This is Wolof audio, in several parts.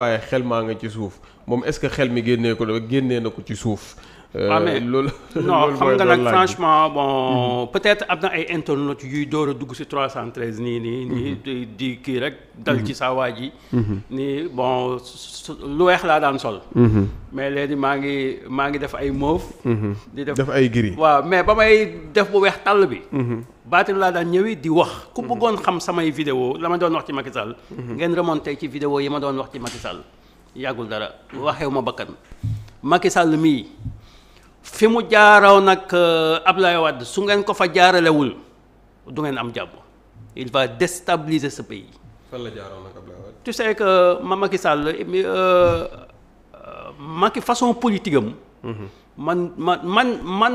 waaye xel maa nga ci suuf moom est-ce que xel mi génnee ko génnee na ko ci suuf Euh, loolu non xam nga nag franchement bon hmm. peut-être am na ay internautes yuy door a dugg si 313 nii nii nii hmm. di kii rek dal ci hmm. saa waaj yi nii bon lu weex laa daan sol mais léegi maa ngi maa ngi def ay mauve di def def ay gris waaw mais ba may def bu weex tàll bi baatin laa daan ñëwi di wax ku bëggoon xam samay vidéo la ma doon wax ci Macky Sall ngeen remonté ci vidéo yi ma doon wax ci Macky Sall yàggul dara waxew ma bakkan Macky Sall mii fi mu jaaraw nag euh, Abdoulaye Wade su ngeen ko fa jaaralewul du ngeen am jàmm il va déstabiliser ce pays. fan la jaaraw nag Abdoulaye tu sais que euh, ma Macky Sall euh, Macky façon politique mm-hmm. man man man man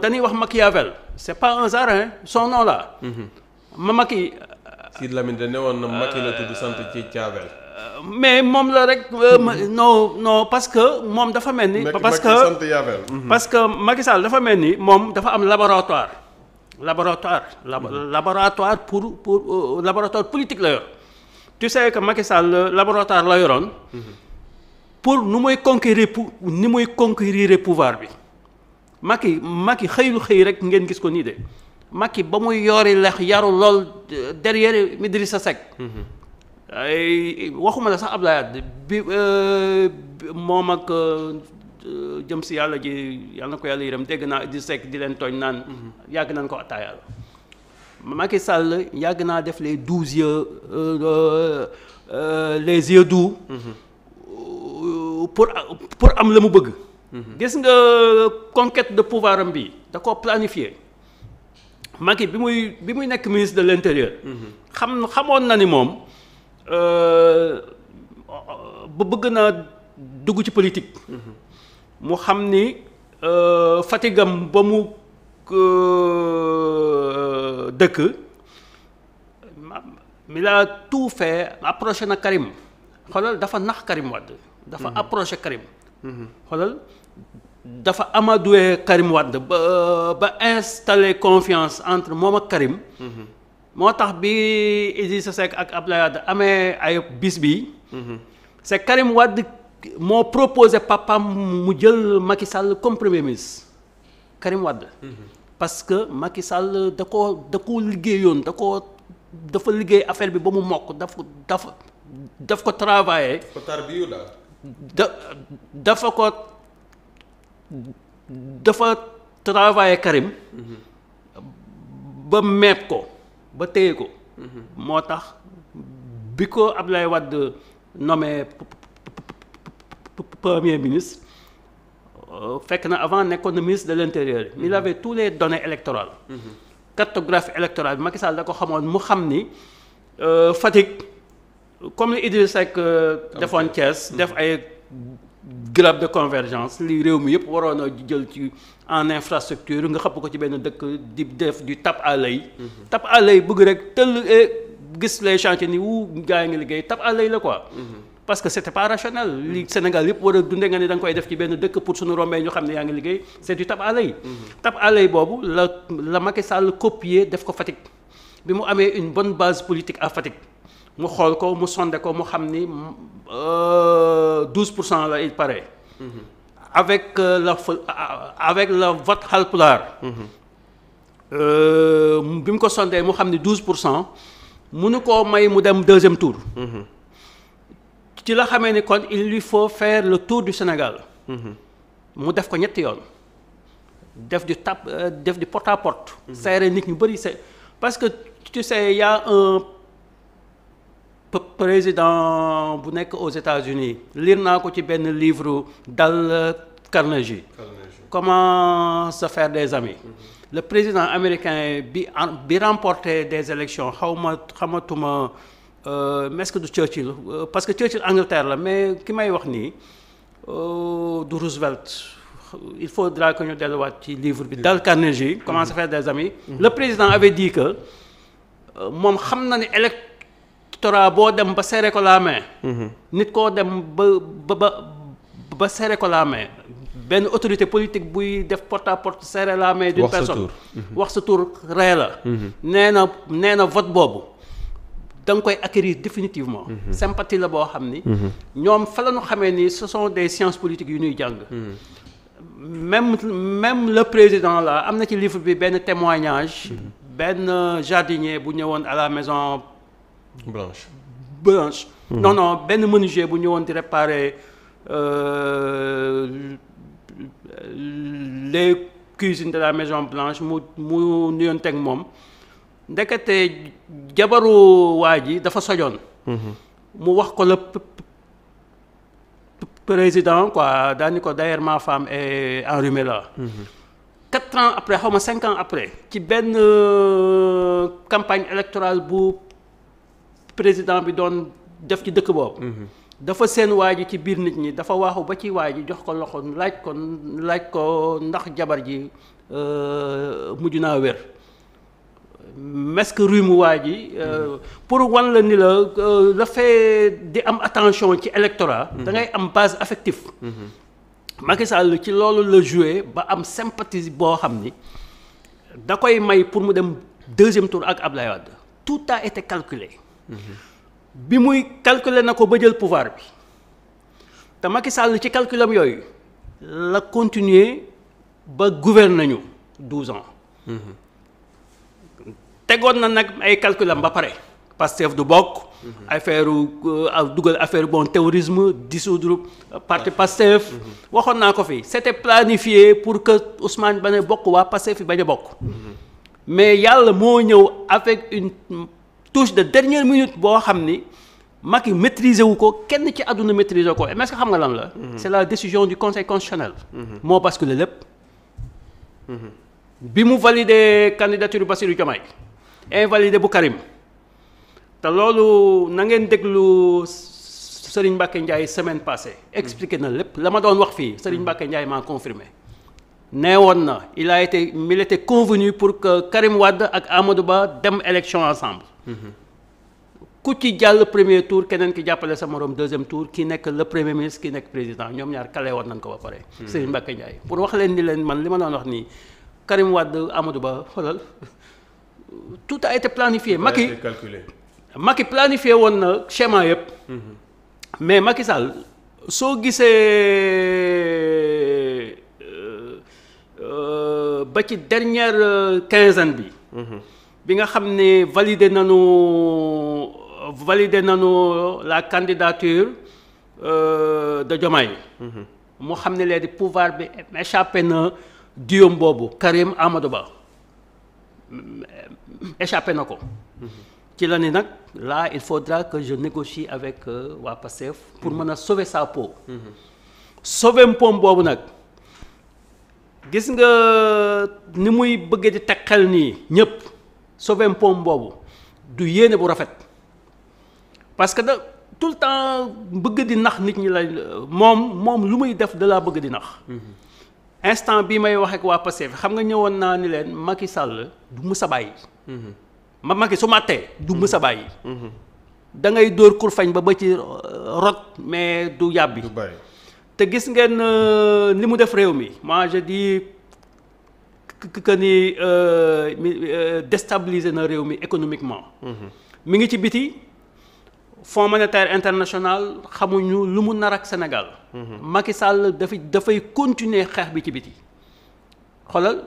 dañuy wax Machiavel c'est pas un hasard hein son nom là. Mm-hmm. ma Macky. Sidy Lamine da ne woon na Macky la sant ci Thiavel. Euh, mais moom la rek euh, non non parce que moom dafa mel ni. parce que mhm. parce que Macky dafa mel ni moom dafa am laboratoire. laboratoire mhm. laboratoire pour pour euh, laboratoire politique la yor tu sais que Macky laboratoire la yoroon. Mhm. pour nu muy conquérir pou ni muy conquérir pouvoir bi Macky Macky xëyul xëy rek ngeen gis ko nii de Macky ba muy yori lex yaru lool derrière Idrissa Seck. waxuma la sax Abdoulaye euh, bi moom ak euh, jëm si yàlla ji yàlla na ko yàlla yiram dégg naa di sekk di leen tooñ naan mhm. yàgg nañ ko attaayal Macky Sall yàgg naa def les douze yeux euh, doux mhm. pour am la mu bëgg mhm. gis nga conquête de pouvoir bi da ko planifié Macky bi muy bi muy nekk ministre de l'intérieur xam xamoon na ni moom Euh, bu bëgg naa dugg ci politique. mu xam ni euh, fatigam ba mu euh, dëkk mi laa tout fait approché na Karim xoolal dafa nax Karim Wade. dafa mm-hmm. approché Karim. Mm-hmm. xoolal dafa amadoué Karim Wade ba ba confiance entre moom ak Karim. Mm-hmm. moo tax bi Idrissa Seck ak Abdoulaye Wade amee ay bis bi c'est Karim Wade moo propose papam mu jël Macky Sall comme premier ministre Karim Wade parce que Macky Sall da koo da liggéey yoon da koo dafa liggéey affaire bi ba mu mokk daf dafa ko travaillé da dafa ko dafa travaillé Karim ba meeb ko ba téye ko. moo tax bi ko ab Abdoulaye Wade nommé premier ministre euh, fekk na avant nekkoon de l' mi il mhm. avait tous les données électorales. Mhm. cartographie électorale bi Macky da ko xamoon mu xam ni euh, Fatick comme li Idrissa Seck euh, defoon Thiès mhm. def ay. grappe de convergence li réew mi yëpp waroon a jël ci en infrastructure nga xapp ko ci benn dëkk di def du tap àll l'œil tap à yi mhm. bëgg rek tëll e gis les chantiers ni wu gaa yi nga liggéey tap à yi la ko mhm. parce que c'était pas rationnel li Sénégal yëpp war a dunde nga ne da koy def ci benn dëkk pour suñu rombee ñu xam ne yaa ngi liggéey c'est du tap à l'œil mhm. tap à l'œil boobu la la Macky Sall copier def ko Fatick bi mu amee une bonne base politique ak Fatick mu xool ko mu sondé ko mu xam ni 12 euh, pour cent la il paraît. Mm-hmm. Euh, avec la avec le vote Halpulaar. Mm-hmm. Euh, bi mu ko sondee mu xam ni 12 pour cent mu mënu ko may mu dem deuxième tour. Mm-hmm. ci la xamee ni kon il lui faut faire le tour du Sénégal. mu def ko ñetti yoon. def du tap def du porte à porte. seere nit ñu bëri c'est parce que tu sais président bu nekk aux États-Unis liir naa ko ci benn livre dal Carnegie comment se faire des amis mhm. le président américain bi bi remporter des élections xaw xamatuma euh, est-ce que du Churchill euh, parce que Churchill Angleterre la mais ki may wax nii euh, du Roosevelt il faudra que ñu delluwaat ci livre bi dal Carnegie comment se mhm. faire des amis mhm. le président avait dit que moom xam na ne élect doctorat boo dem ba serré ko la main. Mhm. nit koo dem ba ba ba ba serré ko la main benn autorité politique buy def porte à porte serré la main d'une personne wax sa tour mhm. ree la mhm. nee na nee na vote boobu da nga koy acquérir définitivement sympathie la boo xam ni ñoom fa la ñu xamee ni ce sont des sciences politiques yu ñuy jàng même même le président la am na ci livre bi benn témoignage benn jardinier bu ñëwoon à la maison branche branche. Mhm. non non benn menuisier bu ñëwoon di réparer euh, les cuisines de la Maison Blanche mu mu nuyoon teg moom ndekete jabaru waa ji dafa sojoon. Mhm. mu wax ko la président quoi daani ko d'ailleurs ma femme est enrhumée mhm. quatre ans après xaw ma cinq ans après ci benn euh, campagne électorale bu. président bi doon def ci dëkk boobu. Mhm. dafa seen waa ji ci biir nit ñi dafa waaxu ba ci waa ji jox ko loxo laaj ko laaj ko ndax jabar ji euh, mujj naa wér. mesque ruume waa ji euh, mhm. pour wan la ni la dafay euh, di am attention ci électorat. Mhm. da ngay am base affective. Macky Sall ci loolu la joué ba am sympathie boo xam ni da koy may pour mu dem deuxième tour ak Abdoulaye Wade tout a été calculé. bi muy calculer na ko ba jël pouvoir bi te Macky Sall ci calculam yooyu la continuer ba gouverner ñu douze ans. tegoon na nag ay calculam ba pare. Pastef du bokk. affaire euh, dugal affaire bon terrorisme dissoudre parti Pastef. waxoon naa ko fi c'était planifié pour que Ousmane bañ a bokk waa Pastef fi bañ a bokk. mais yàlla moo ñëw avec touche de dernière minute boo xam ni Macky maîtriser wu ko kenn ci àdduna maîtriser ko mais est que xam nga lan la. Mhm. c'est la décision du conseil constitutionnel. Mhm. moo basculé lépp. Mhm. bi mu validé candidature Bassirou Diomaye invalidé bu Karim te loolu na ngeen déglu Serigne Mbacké Ndiaye semaine passée expliqué na lépp la ma doon wax fii Serigne Mbacké Ndiaye maa confirmé nee woon na il a été il était pour que Karim wadd ak Amadou Ba dem élection ensemble. ku ci jàll premier tour keneen ki jàppale sa morom deuxième tour ki nekk le premier ministre ki nekk président ñoom ñaar kale woon nañ ko ba pare. Hmm. Serigne Mbacké Ndiaye pour wax leen ni leen man li ma doon wax nii Karim Wade Amadou Ba xoolal tout a été planifié. Macky Macky planifié woon na schéma yëpp. Hmm. mais Macky Sall soo gisee euh, euh, ba ci dernière euh, quinzaine bi. Hmm. bi nga xam ne validé nañu validé nañu la candidature euh, de Diomaye moo mm-hmm. xam ne léegi pouvoir bi échappé na diyom boobu Karim Amadou Ba échappé na ko mm-hmm. ci la ni nag là il faudra que je négocie avec euh, waa Pastef pour mm-hmm. mën a sauver sa peau sauver poom boobu nag gis nga ni muy bëgg di teg xel nii ñëpp sauver pom boobu du yéene bu rafet parce que da tout le temps bëgg di nax nit ñi la moom moom lu muy def da laa bëgg di nax. Mm-hmm. instant bii may wax ak waa Pastef xam nga ñëwoon naa ni leen Macky Sall du mës a bàyyi. Mm-hmm. ma Macky su ma tee du mës a mm-hmm. bàyyi. da dóor kurfañ ba ba ci rot mais du yàbbi. te gis ngeen li euh, mu def réew mi moi je dis. que ni euh, euh, déstabiliser na réew mi économiquement. Mm-hmm. mi ngi ci biti Fonds monétaire international xamuñu lu mu nar ak Sénégal. Mm-hmm. Macky Sall dafay dafay continuer xeex bi ci biti. xoolal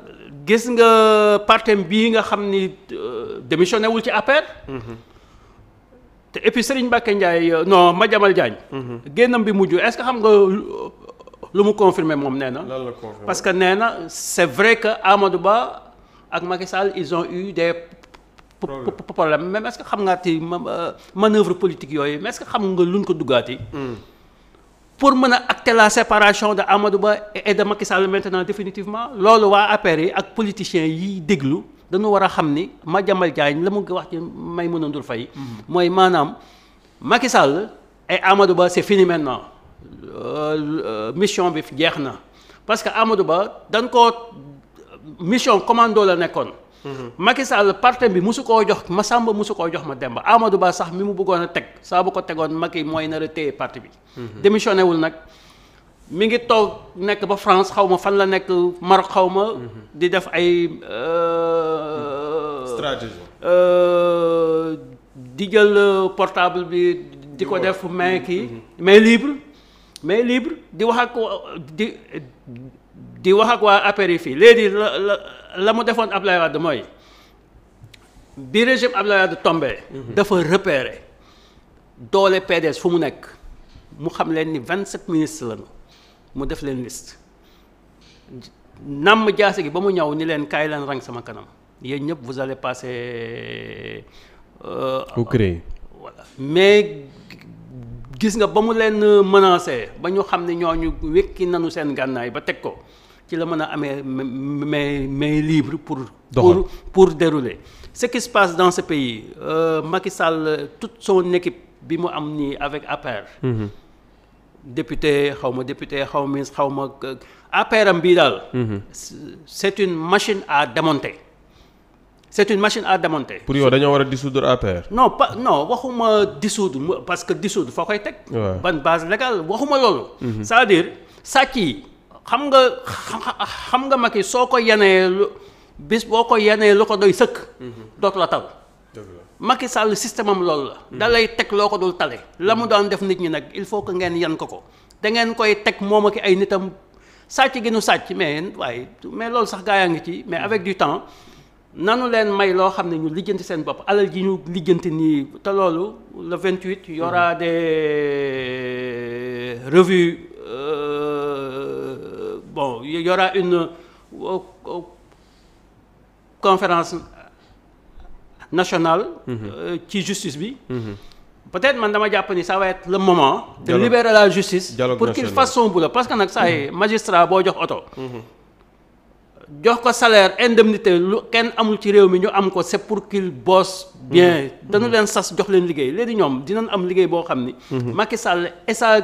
gis nga partem bi nga xam ni euh, démissionné wul ci APR. Mm-hmm. te et puis Serigne Mbacké Ndiaye non Madiambal Diagne. génnam bi mujj est-ce que xam nga. lu mu confirmer moom nee na. parce que nee na c'est vrai que Amadou Ba ak Macky Sall ils ont eu des. problème même est-ce que xam nga ti euh, manœuvre politique yooyu mais est-ce que xam nga luñ ko duggaati. Hmm. pour mën a acter la séparation de Amadou Ba et de Macky maintenant définitivement loolu waa APR yi ak politicien yi déglu dañu war a xam ni Madiambal Diagne la mu wax ci Maïmouna Ndour Faye hmm. mooy maanaam Macky Sall et Amadou Ba c'est fini maintenant. Euh, euh, mission bi jeex na parce que Amadou Ba dañ koo mission commando la nekkoon. Mhm. Macky Sall parti bi musu koo jox ma Samba musu koo jox ma Demba Amadou Ba sax mi mu bëggoon a teg saa bu ko tegoon Macky mooy nar a téye parti bi. Mhm. démissionné wul nag mi ngi toog nekk ba France xaw ma fan la nekk Maroc xaw mhm. di def ay. Euh, stratégie. di jël portable bi. di ko def main libre. mais libre di wax ak di di wax ak waa APR yi fii léegi la la la mu defoon Abdoulaye Wade mooy bi régime Abdoulaye Wade tombé. Mhm. dafa repéré doole PDS fu mu nekk mu xam leen ni vingt 27 ministres lanu mu def leen liste namm jaase gi ba mu ñëw ni leen kaay leen rang sama kanam yéen ñëpp vous allez passer. Euh, au euh, mais gis nga ba mu leen euh, menacé ba ñu xam ne ñoo ñooñu wékki nanu seen gànnaay ba teg ko ci la mën a amee mais mais libre pour. pour pour dérouler. ce qui se passe dans ce pays euh, Macky Sall toute son équipe bi mu am nii avec APR. Mmh. député xaw ma député xaw ma ministre xaw ma euh, APR am bii daal. Mm-hmm. c'est une machine à démonter. c'est une machine à démonter. pour yow dañoo war a dissoudre APR. non pas non waxuma dissoudre parce que dissoudre foo koy teg. ban base légale waxuma loolu. Mhm. c'est-à-dire sàcc yi xam nga xam nga Macky soo ko yenee lu bis boo ko yenee lu ko doy sëkk. Mhm. dootu la tal. Macky sàll système am loolu la. Mhm. da lay teg loo ko dul tale. la mu daan def nit ñi nag il faut que ngeen yan ko ko da ngeen koy teg moom ak ay nitam sàcc gi nu sàcc mais waaye mais loolu sax gaa yaa ngi ci mais avec temps. nanu leen may loo xam ne ñu liggante seen bopp alal ji ñu liggante nii te loolu le vingt y aura mhm. des euh, revues euh, bon y aura une euh, nationale. Mhm. Euh, ci justice bi. Mm -hmm. peut-être man dama jàpp ni ça va le moment. de libérer la justice. pour qu'il fasse son la parce que nag saa mhm. magistrat boo jox oto. jox ko salaire indemnité lu kenn amul ci réew mi ñu am ko c'est pour qu'il bosse bien mm-hmm. dañu leen sas jox leen liggéey léegi ñoom dinan am liggéey boo xam ni mm-hmm. Macky Sall et sa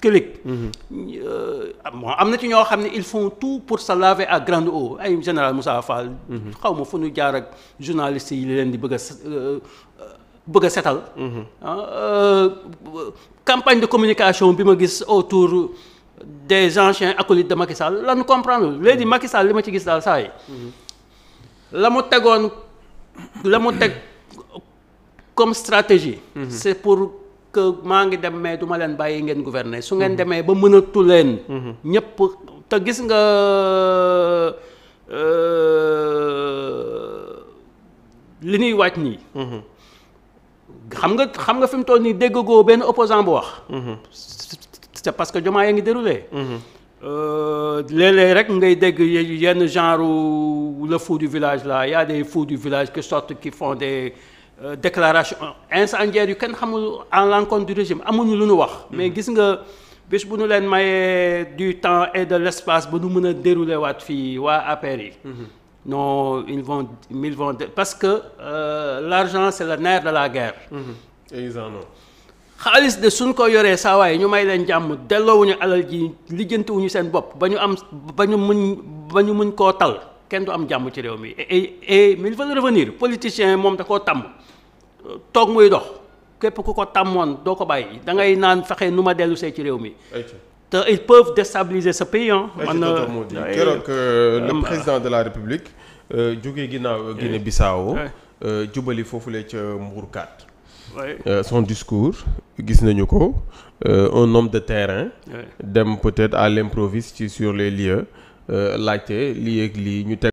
clique bon mm-hmm. euh, am na ci ñoo xam ne ils font tout pour se laver à grande eau ay général musa Fall xaw ma fu ñu jaar ak journalistes yi leen di bëgg a euh, euh, bëgg setal ah, campagne de communication bi ma gis autour des anciens acolytes de Macky Sall lan comprendre léegi mm-hmm. Macky Sall li ma ci gis daal saa yi. Mm-hmm. la mu tegoon la mu teg comme stratégie. Mm-hmm. c'est pour que maa ngi dem mais du ma leen bàyyi ngeen gouverner su ngeen demee ba mënatu leen. ñëpp te gis nga euh, li ñuy wàcc nii. xam nga xam nga fi mu toll nii déggagoo benn opposant bu wax. c'est parce que Diomaye a ngi déroulé. Mhm. Euh, léeg-léeg rek ngay dégg yenn genre le fou du village la yaa a des du village qui sortent qui font des euh, déclarations incendiaires yu kenn xamul en l'encontre du régime amuñu lu ñu wax. Mhm. mais gis nga bés bu nu leen mayee du temps et de l'espace ba nu mën a dérouler waat fii waa APR yi. Mhm. non ils vont ils parce que euh, l'argent c'est le nerf de la guerre. xaalis de suñ ko yoree saa waay ñu may leen jàmm delloowuñu alal ji lijjantiwuñu seen bopp ba ñu am ba ñu muñ ba ñu muñ koo tal kenn du am jàmm ci réew mi et et mais il revenir politicien moom da koo tàmm toog muy dox képp ku ko tàmmoon doo ko bàyyi da ngay naan fexe nu ma dellu see ci réew mi. te ils peuvent déstabiliser ce pays ah. man euh, keroog euh, le président de la république euh, jógee ginnaaw Guinée Bissau jubali foofu la ca Mbourkat. Euh, son discours gis nañu ko euh, un homme de terrain. dem peut-être à l'improviste ci sur les lieux euh, laajte lii ak ñu teg.